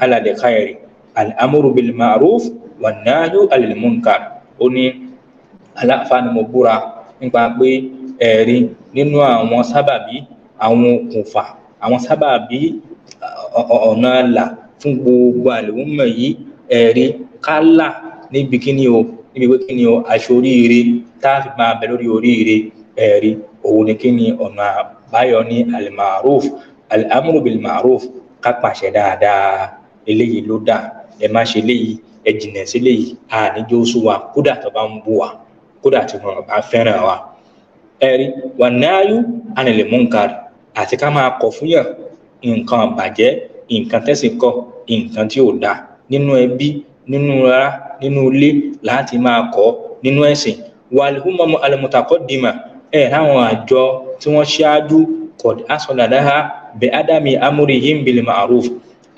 ala lil khayri al'amuru bil ma'ruf wa nahyu anil ó ní aláàfáà mo búra nípa pé ẹ̀rí nínú àwọn sábàbí àwọn òkùnfà àwọn sábàbí ọ̀nà àlà fún gbogbo àlùmọ̀ yìí ẹ̀rí kálà níbi kíní o níbi pé kí ni o aṣọ oríire tá a fi máa bẹ lórí oríire ẹ̀rí òun ni kí ni ọ̀nà àbáyọ ní almaruf alamru bilmaruf ká pàṣẹ dáadáa eléyìí ló dáa ẹ má ṣe léyìí ẹ jìnà sí léyìí àníjó sú wa kódà tó bá ń bú wa kódà tí bá fẹ́ràn wa ẹ̀rí wà náyú anilẹ̀ munkar àti ká máa kọ̀ fún yàn nǹkan bàjẹ́ nǹkan tẹ́sìn kọ̀ nǹkan tí ò dáa nínú ẹbí nínú rárá nínú ilé láti máa kọ́ nínú ẹ̀sìn wàlúùmọ̀mù alẹ́mùtàkọ́dìmà ẹ̀ láwọn àjọ tí wọ́n ṣáájú kọ̀d asọ̀dàdáha bẹ ádámì amúrí yínbìlì màrúf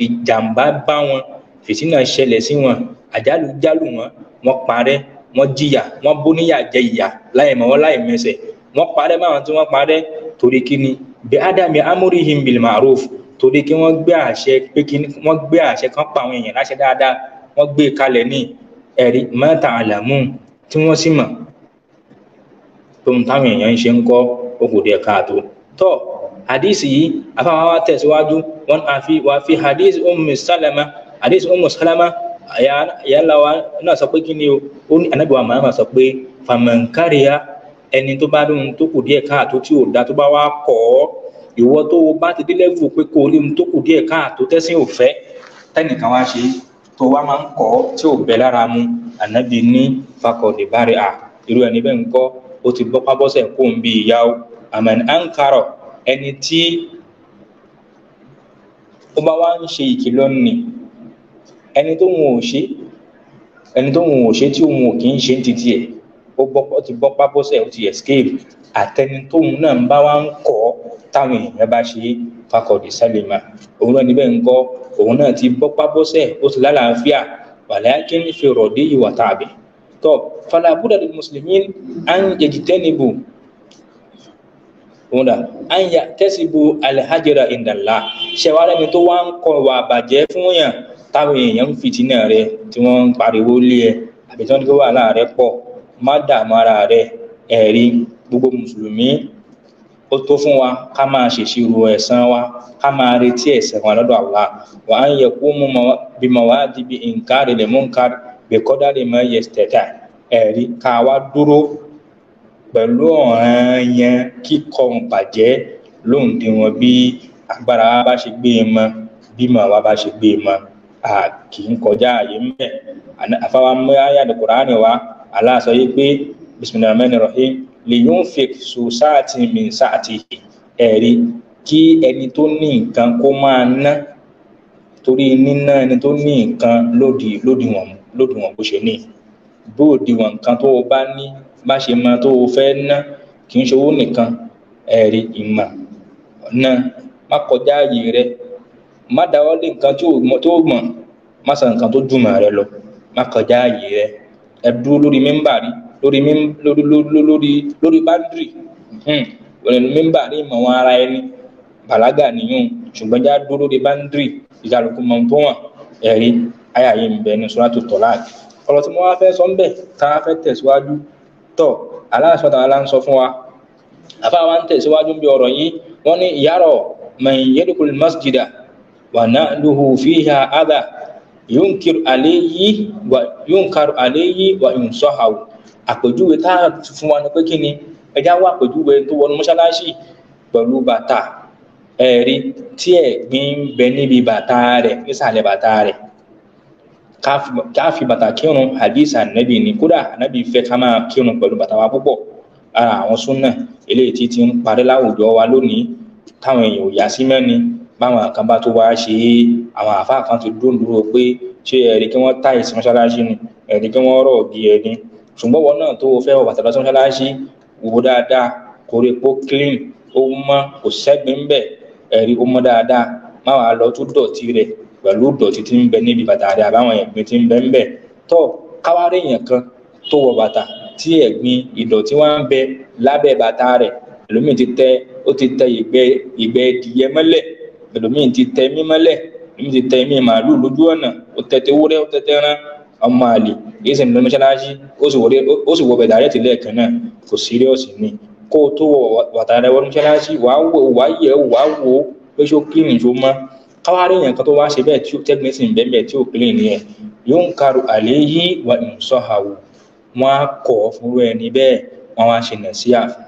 ìjàmbá bá wọn fìtínà ṣẹlẹ̀ sí wọn àjálù jálù wọn wọ́n parẹ́ wọ́n jìyà wọ́n bóníyà jẹ ìyà láìmọ̀wọ́ láìmẹsẹ̀ wọ́n parẹ́ báwọn tí wọ́n parẹ́ torí kíni bẹ ádámì amúrí yínbìlì màrúf torí kí wọ́n gbé àṣẹ pé kí wọ́n gbé àṣẹ kan pa àwọn èèyàn láṣẹ dáadáa wọ́n gbé kalẹ̀ ní ẹ̀rí mẹ́ta àlàmú tí wọ́n sì mọ̀ tó ń táwọn èèyàn ń ṣe ń kọ́ okùnrin ẹ̀ka àtò tọ́ hadisi yìí afáwọn wa tẹ̀síwájú wọn àfi wà fi hadisi ummu salama hadisi ummu salama yàrá wa náà sọ pé kí ni o ó ní anábì wa màmá sọ pé fàmọ̀nkáríà ẹni tó bá dún tó kù díẹ̀ káàtó tí ò dá tó bá wá kọ́ ọ́ ìwọ tó bá ti dé lẹ́gùn pé kó o ohun tó kù díẹ̀ káàtó tẹ́sán ò tẹ́nìkan wá ṣe é tó wá máa ń kọ tí ò bẹ lára mu ànábì ní fakọọdẹ bárẹ à irú ẹni bẹ́ẹ̀ ń kọ́ ó ti bọ́pá bọ́sẹ̀ kó ń bí ìyá o àmọ́ àǹkarọ̀ ẹni tí ó bá wá ń ṣe ìkìlọ̀ nì ẹni tó wọn ṣe ẹni tó wọn ṣe tí òun ò kì í ṣe títí ẹ̀ ó ti bọ́pá bọ́sẹ̀ ó ti escape àtẹni tóun náà bá wá ń kọ́ táwọn èèyàn bá ṣe fakọọdẹ sálẹmà òun náà níbẹ̀ ń kọ́ òun náà ti bọ́pá bọ́sẹ̀ ó sì lálàáfíà walakin fi radiyi wa tàbí tọ́ falabuda lil muslimin an yajtanibu òun dà an yaktasibu alhajra indallah ṣẹwàá ni tó wá ń kọ ìwà àbàjẹ́ fún yàn táwọn èèyàn ń fìtínà rẹ tí wọ́n ń pariwo lé ẹ àbí tí wọ́n ti gbé wàhálà pọ̀ má dààmú ara rẹ ẹ̀rí gbogbo mùsùlùmí ó tó fún wa ká máa ṣèṣirò ẹ̀san wa ká máa retí ẹ̀san wa lọ́dọ̀ Allah wa an yaqumu bi mawadibi inkari lil munkar bi qadari ma yastata ẹ̀rí ká wá dúró pẹ̀lú ọ̀ràn yẹn kíkọ bàjẹ́ lóǹdè wọn bí agbára wa bá ṣe gbé e mọ bímọ wa bá ṣe gbé e mọ kì í kọjá àyè ń bẹ̀ àfáwámúyáyà al wa Allah yìí pé bismillahir lèyún su saati min saati, sáàtì ẹ̀rí kí ẹni tó ní nǹkan kó máa ná torí níná ẹni tó ní nǹkan lòdì lòdìwọ̀n lòdìwọ̀n bó ṣe ní bó òdìwọ̀n nǹkan tó o bá ní bá ṣe máa tó o fẹ́ ná kì í ṣowó nìkan ẹ̀rí ìmọ̀ ná má kọjá ààyè rẹ má dáwọ́ nǹkan tó mọ̀ má sa nǹkan tó dùnmọ̀ rẹ lọ má kọjá ààyè rẹ ẹ dúró lórí mímbà lórí lórí lórí lórí bádìrì hmm. mímbà ní ìmọ̀ wọn ara ẹni bàlágà nìyún ṣùgbọ́n já dúró lórí bádìrì ìkàlùkù mọ̀ tó wọ̀n ẹ̀rí àyà yìí ń bẹ ní sọ́nà tó tọ̀lá ọ̀rọ̀ tí mo wá fẹ́ sọ ń bẹ̀ tá a fẹ́ tẹ̀síwájú tọ̀ aláàṣọ́ta wa la ń sọ fún wa àfa wa ń tẹ̀síwájú bí ọ̀rọ̀ yìí wọ́n ní ìyárọ̀ mẹ̀yìn yẹ́dùkúlù àpèjúwe tá à fún wa ni pé kí ni ẹja wá àpèjúwe tó wọnú mọ́ṣáláṣí pẹ̀lú bàtà ẹ̀rí tí ẹ̀gbin ń bẹ níbi bàtà rẹ̀ nísàlẹ̀ bàtà rẹ̀ ká fi bàtà kírun hadith ànábì ni kódà ànábì fẹ́ ká máa kírun pẹ̀lú bàtà wa púpọ̀ ara àwọn súnà eléyìí tí ti ń parí láwùjọ wa lónìí táwọn èèyàn ò yá sí mẹ́ni báwọn kan bá tó wá ṣe é àwọn àfáà kan ti dúró pé ṣé ẹ̀rí kí wọ́n táyì sí mọ́ṣáláṣí ni ẹ̀rí kí wọ́n rọ̀ bí ẹni ṣùgbọ́n wọn náà tó o fẹ́ wọ bàtà lọ sí mọ́ṣáláṣí wò dáadáa kò rí epo clean ó mọ́ kò sẹ́gbin ń bẹ̀ ẹ̀rí ó mọ́ dáadáa má wàá lọ tó dọ̀tí rẹ̀ pẹ̀lú dọ̀tí tí ń bẹ níbi bàtà rẹ̀ àbáwọn ẹ̀gbin tí ń bẹ ń bẹ̀ tó káwáré èèyàn kan tó wọ bàtà tí ẹ̀gbin ìdọ̀tí wá ń bẹ lábẹ́ bàtà rẹ̀ ẹlòmíì ti tẹ ó ti tẹ ìgbẹ́ ìgbẹ́ ìdìyẹ mọ́lẹ̀ ẹlòmíì ti tẹ mí mọ́lẹ̀ ẹlòmíì ti tẹ mí màálù lójú ọ̀nà ó tẹ tewúrẹ́ ó tẹ tẹran ọmọ àlè èyí sì ń lọ mọ́ṣáláṣí ó sì wọ bẹ̀ dàrẹ́tì lẹ́ẹ̀kan náà kò síríọ̀sì ni kó o tó wọ bàtà rẹ wọ́n mọ́ṣáláṣí wàá wò wàá yẹ̀ wàá wò pé ṣó kírin ṣó mọ́ káwárí èèyàn kan tó wá ṣe bẹ́ẹ̀ tí tẹ́gbìn sì bẹ́ẹ̀ bẹ́ẹ̀ tí ò kílìn ni ẹ̀ yóò ń karù àlẹ́ yìí wà ń sọ́hàwò wọ́n á kọ̀ fúnrú ẹni bẹ́ẹ̀ wọ́n wá ṣe nà sí àfẹ́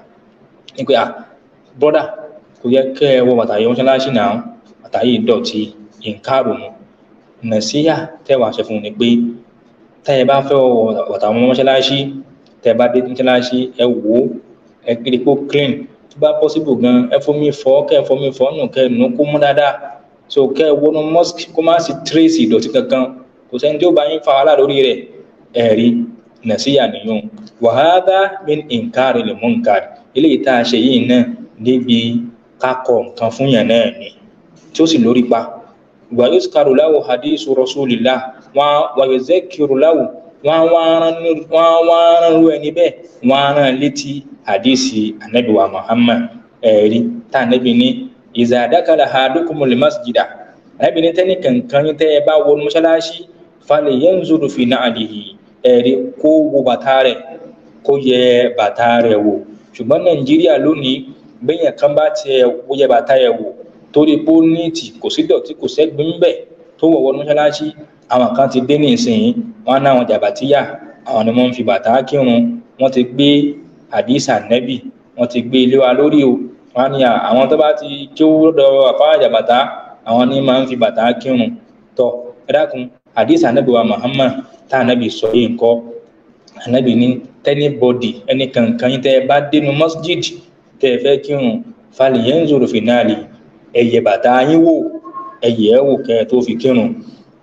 ni pé à ah, bọ́dà kò yẹ kẹ́ ẹ wọ bàtà yìí mọ́ṣáláṣí náà bàtà yìí dọ̀tí ìǹkàrùn-ún nà síyà tẹ́wàá ṣe fún ni pé tẹ́ ẹ bá fẹ́ ọ̀tàwọn mọ́ṣáláṣí tẹ́ ẹ bá dé mọ́ṣáláṣí ẹ wò ó ẹ kiri kó clean tó bá possible gan ẹ fomi fọ̀ kẹ́ ẹ fomi fọ̀ nù kẹ́ nù kó mú dáadáa so kẹ́ ẹ wọnú mosque kó má sì trace ìdọ̀tí kankan kò sẹ́ni tí ó bá yín fa wàhálà lórí rẹ̀ ẹ nàṣíyà nìyún wàhálà min inkari lil munkar eléyìí tá a ṣe yìí náà níbi kakọ nǹkan fún yàn náà ni tí ó sì lórí pa wàyí sùkàrù láwọ hadith rasulillah wọn wàyọ̀zẹ́ kìrùláwù wọn wá rán rú ẹni bẹ́ẹ̀ wọn rán létí àdìsí ànábì wa Muhammad ẹ̀rí tá ànábì ní ìzàdákàlà àdókòmọ̀ lè masjida ànábì ní tẹ́ni kankan yín tẹ́ ẹ bá wọ mọ́ṣáláṣí falẹ̀ yẹn ń zòrò fi náà àdìhì ẹ̀rí kó wo bàtà rẹ̀ kó yẹ bàtà rẹ̀ wò ṣùgbọ́n Nàìjíríà lónìí gbẹ̀yìn kan bá tiẹ̀ wọ́yẹ bàtà rẹ̀ wò torí pé ó kò sí dọ̀tí kò sẹ́gbin bẹ́ẹ̀ tó wọ̀ wọ mọ́ṣáláṣí àwọn kan ti dé ní ìsìn wọn náà wọn jàbàtíyà àwọn ni wọn ń fi bàtà kírun wọn ti gbé hadith ànẹ́bì wọn ti gbé ilé wa lórí o wọn ni àwọn tó bá ti kéwú lọ́dọ̀ àfáà jàbàtà àwọn ni máa ń fi bàtà kírun tọ ẹ dákun hadith ànẹ́bì wa Muhammad tá ànẹ́bì sọ yìí ńkọ́ ànẹ́bì ní tẹ́nibọ́dì ẹnì kankan yín tẹ́ ẹ bá dénú masjid tẹ́ ẹ fẹ́ kírun falẹ̀ yẹn ń zòrò fìnnàlì ẹ̀yẹ̀ bàtà yín wò ẹ̀yẹ̀ ẹ̀ wò kẹ́ ẹ tó fi kírun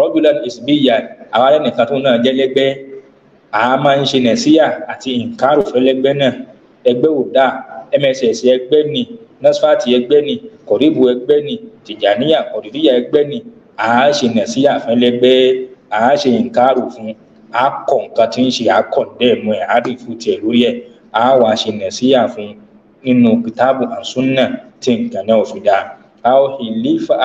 rọ́júlán ìsìbíyà àwọn ará nìkan tó náà jẹ́lẹ́gbẹ́ a máa ń ṣe nàìsíyà àti ìǹkárò fẹ́lẹ́gbẹ́ náà ẹgbẹ́ ò dáa mss ẹgbẹ́ ni nasfat ẹgbẹ́ ni kọ̀ríbù ẹgbẹ́ ni tìjàníyà kọ̀ríbíyà ẹgbẹ́ ni a ṣe nàìsíyà fẹ́lẹ́gbẹ́ a ṣe ìǹkárò fún a kọ̀ nǹkan tí ń ṣe a kọ̀ dẹ́ẹ̀mú ẹ̀ a rí fún tiẹ̀ lórí ẹ̀ a wà ṣe nàìsíyà fún nínú kìtàbù àsúnà tí nǹkan náà fi dáa a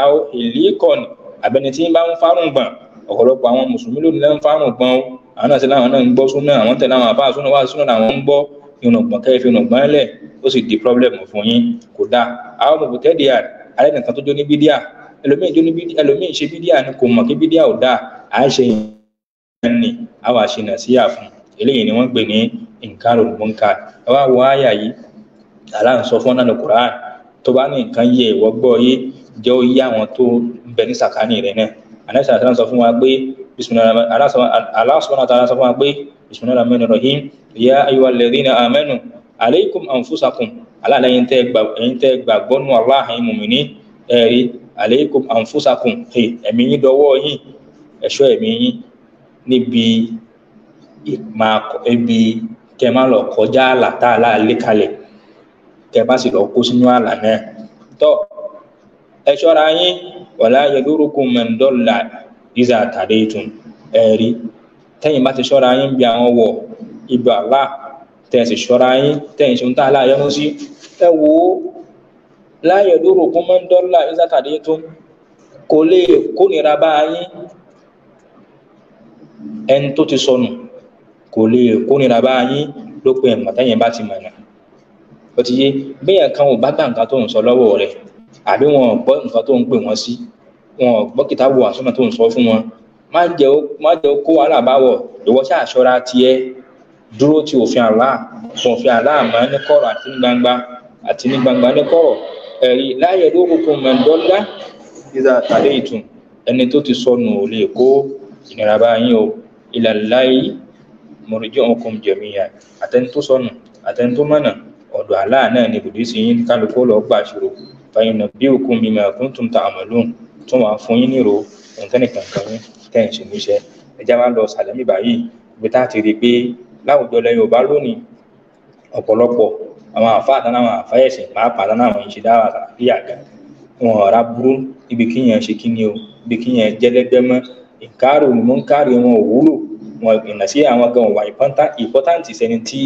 ò àbẹni tí ń bá ń fárùn gbọ̀n ọ̀pọ̀lọpọ̀ àwọn mùsùlùmí lónìí lẹ́ ń fárùn gbọ̀n o àwọn náà ti láwọn náà ń gbọ́ súnà àwọn tẹ̀lé àwọn àbá súnà wà súnà làwọn ń gbọ́ ìrùngbọ̀n kẹ́ fi ìrùngbọ̀n lẹ̀ ó sì di problem fún yín kò dáa àwọn mọ̀kò tẹ́ di à alẹ́ nìkan tó jó ní bídíà ẹlòmíín jó ní bídíà ẹlòmíín ṣe bídíà ni kò mọ̀ kí bídíà ò dáa à ń ṣe yẹn ni àwọn àṣìnà síyà fún eléyìí ni wọ́n pè ní nǹkan rògbòǹkà ẹ wá wọ àyà yìí àlà ń sọ fún ọ̀nà Qur'an tó bá ní nǹkan yẹ ìwọ gbọ́ jẹ́ ó yé àwọn tó bẹ ní sàkání rẹ̀ náà anẹ́sà àti aláṣọ fún wa pé aláṣọ́nà àti aláṣọ fún wa pé bismillahir rahmanir rahim ya ayyuhal ladhina amanu alaykum anfusakum aláàlẹ́yìn tẹ́ gbàgbọ́ nù aláhìn mùmìnì ẹ̀rí alaykum anfusakum ẹ̀mí yín dọwọ́ yín ẹ̀ṣọ́ ẹ̀mí yín níbi ibi kẹ má lọ kọjá àlà tá a láàlé kalẹ̀ kẹ sì lọ kó sínú àlà náà tọ́ ẹ̀ṣọ́ra yín wàlá yadurukum man dalla iza tadaytum eri tẹ́yìn bá ti ṣọ́ra yín bí àwọn wọ̀ ibà lá tẹ̀sí ṣọ́ra yín tẹ̀yìn ṣeun tá a láàyè ń sí ẹ wò ó la yadurukum man dalla iza tadaytum kò lè kónira bá yín ẹni tó ti sọnù kò lè kónira bá yín lópin ẹ̀mọ̀ tẹ́yìn bá ti mọ̀nà ó ti yé bẹ́ẹ̀ kan ò bá gbà nǹkan tó ń sọ lọ́wọ́ rẹ̀ àbí wọn gbọ́ nǹkan tó ń pè wọ́n sí wọn gbọ́ kìtàbù àsọ́nà tó ń sọ fún wọn má jẹ́ kó wàhálà bá wọ̀ ìwọ ṣáà ṣọ́ra tiẹ̀ dúró ti òfin Allah òfin Allah máa ní kọ̀rọ̀ àti ní gbangba àti ní gbangba ní kọ̀rọ̀ ẹ̀rí láyé lórúkọ mẹ́ńdọ́lá ìdá tàlẹ́ ìtùn ẹni tó ti sọnù ò lè kó ìnira bá yín o ìlàláyé mọ̀rọ̀jọ́ ọkùn jẹ̀míyà àtẹni tó sọnù àtẹni tó mọ̀nà ọ̀dọ̀ Allah náà ni bùdí sí yín kálukú lọ́ọ́ gbà ṣòro fàyínà bí òkú mi máa kún tó ń ta àmàlùn tó máa fún yín nírò nǹkan nìkan kan yín tẹ̀ ń ṣe níṣẹ́ ẹjá wa lọ sàlẹ́mì báyìí ibi tá a ti rí i pé láwùjọ lẹ́yìn ò bá lónìí ọ̀pọ̀lọpọ̀ àwọn àfáà dáná àwọn àfáà ẹ̀sìn pàápàá dáná àwọn ìṣe dára àtàlàfí àga wọn ọ̀rá burú ibi kíyàn ṣe kí ni o ibi kíyàn jẹ́lẹ́gbẹ́ mọ́ ìkárò ni mò ń kárò wọn ò wúlò wọn ìrìnà sí àwọn gan wà ìpọ́táǹtì sẹni tí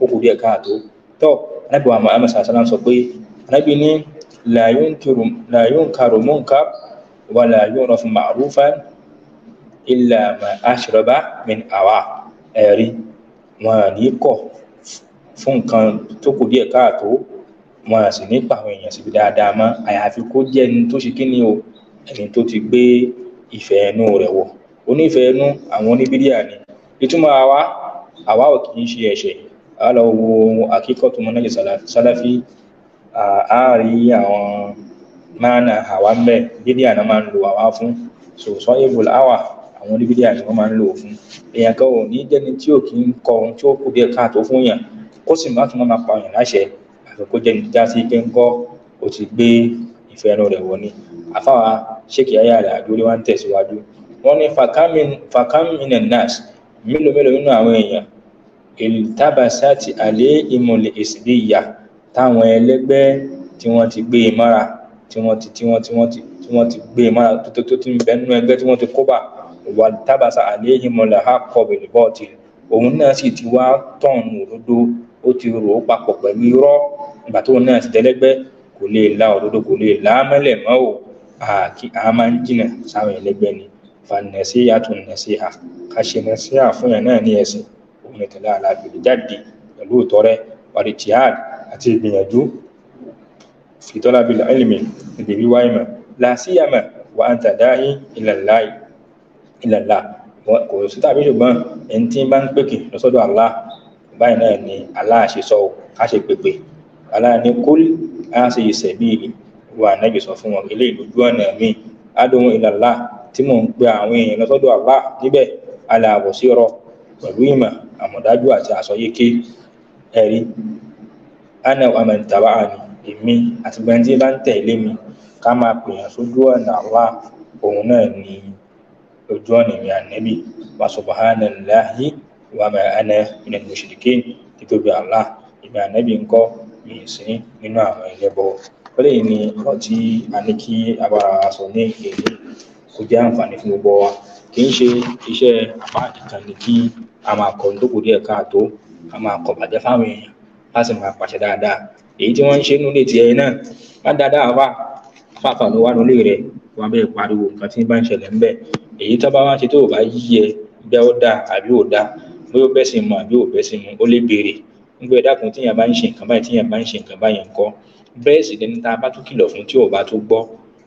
ó kù díẹ̀ káàtó tọ́ anábì wa Muhammad sallallahu sọ pé anábì ní لا ينكر لا ينكر منكر ولا يعرف معروفا إلا ما أشرب من أواه ẹ̀rí wọn à ní kọ̀ fún nǹkan tó kù díẹ̀ káàtó wọn à sì ní pa àwọn èèyàn síbi dáadáa mọ́ àyàfi kó jẹ́ ẹni tó ṣe kí ni o ẹni tó ti gbé ìfẹ́ ẹnu rẹ̀ wọ̀ onífẹ́ ẹnu àwọn oníbíríà ni ìtumọ̀ àwa àwa ò kì í ṣe ẹ̀ṣẹ̀ àwa lọ wo akíkọ̀ tó mọ náà jẹ́ sálàfí a rí àwọn mana àwa ń bẹ bídíà náà máa ń lo àwa fún so sọ evil hour àwọn oníbídíà ni wọ́n máa ń lò fún èèyàn kan ò ní jẹ́ni tí ò kí ń kọ ohun tí ó kù díẹ̀ káàtó fún yàn kó sì má tún máa pa yàn láṣẹ àti kó jẹ́ni tí a sì pé ń kọ́ ó ti gbé ìfẹ́ ẹnu rẹ̀ wọ̀ ni àfáwa ṣèkì ayé rẹ̀ àdúró wa ń tẹ̀síwájú wọ́n ní fàkámìnà nas mélòó mélòó nínú àwọn èèyàn ìlú tábàṣà ti àlé ìmọ̀lẹ̀ èsì bí ìyá táwọn ẹlẹgbẹ́ tí wọ́n ti gbé e mọ́ra tí wọ́n ti tí wọ́n tí wọ́n ti tí wọ́n ti gbé e mọ́ra tó tó ti ń bẹ tí wọ́n ti kóbà wà tábàṣà àléhìmọ̀lá ha kọ̀wé bọ́ọ̀tì òun náà sì ti wá tọ̀hún òdodo ó ti rò ó papọ̀ pẹ̀lú irọ́ ìgbà tóun náà ti dẹ́lẹ́gbẹ́ kò lè la òdodo kò lè la mẹ́lẹ̀ mọ́ o àkí a máa ń jìnà sáwọn ẹlẹgbẹ́ ni fanẹsí yàtọ̀ nẹsí ha ká ṣe nẹsí ha fún yẹn náà ní ẹsìn òun ìtẹ̀lẹ́ àlàbìlì jáde pẹ̀lú ìtọ́rẹ́ wàdìtìyàdì àti ìgbìyànjú fi talabil ilmi èdè wíwá ìmọ̀ la siyama wa anta da'i ila Allah ila Allah kò sí tàbí ṣùgbọ́n ẹni tí bá ń pèkì lọ́sọ́dọ̀ Allah báyìí náà ni Allah ṣe sọ ọ́ ká ṣe pèpè Allah ní kul hādhihi sabīlī wà nábì sọ fún wọn ilé ìlú ọ̀nà mi ad'u ila Allah tí mò ń pe ana wa man taba'ani èmi àti gbẹ̀ǹdì bá ń tẹ̀lé mi ká máa pèèyàn sójú ọ̀nà Allah òun náà ni ojú ọ̀nà mi ànẹ́bì wa lahi wa ma ana minal mushrikin títóbi Allah ìgbà ànẹ́bì ńkọ́ mi sí nínú àwọn ẹlẹ́bọ lẹ́yìn ni ọ̀rọ̀ tí a ní kí a bá sọ ní èyí kò jẹ́ àǹfààní fún gbogbo wa kì í ṣe iṣẹ́ apá ìkànnì kí a máa kọ́ ní tó kù díẹ̀ káàtó a máa kọ̀ bàjẹ́ fáwọn èèyàn a sì máa pàṣẹ dáadáa èyí tí wọ́n ń ṣe nílé tiẹ̀ náà má dáadáa wà fàfà ló wà nílé rẹ̀ wà bẹ́ẹ̀ pariwo nǹkan tí bá ń ṣẹlẹ̀ ń bẹ̀ èyí tó bá wá ṣe tó o bá yí ẹ bẹ́ ó dáa àbí ò dáa bóyá ó bẹ́ sí mu àbí ò bẹ́ sí mu ó lè béèrè nígbà ìdákun tíyàn bá ń ṣe nǹkan báyìí tíyàn bá ń ṣe nǹkan báyìí ńkọ́ bẹ́ẹ̀ sì ni tá bá tún kìlọ̀ fún tí ò bá tó gbọ́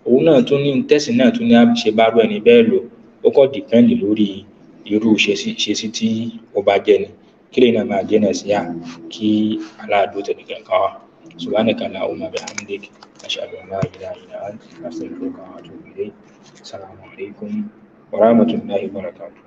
òun náà tún ní tẹ́sí náà tún ní ṣe bá rú ẹni bẹ́ẹ̀ lò ó kọ́ dìpẹ́ǹdì lórí irú ṣe sí tí ó bá jẹ́ ni كلينا ما دينا سيا كي على دوت نكاكا سبحانك اللهم بحمدك أشهد أن لا إله إلا أنت أستغفرك وأتوب إليك السلام عليكم ورحمة الله وبركاته